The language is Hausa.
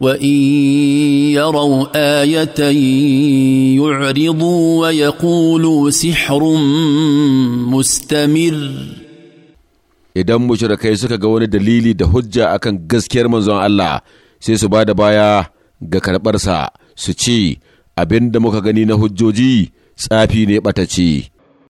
وان يروا ايه يعرضوا ويقولوا سحر مستمر idan mushrikai suka ga wani dalili da hujja akan gaskiyar manzon Allah sai su ba da baya ga karɓarsa su ce abin da muka gani na hujjoji tsafi ne ɓatacce.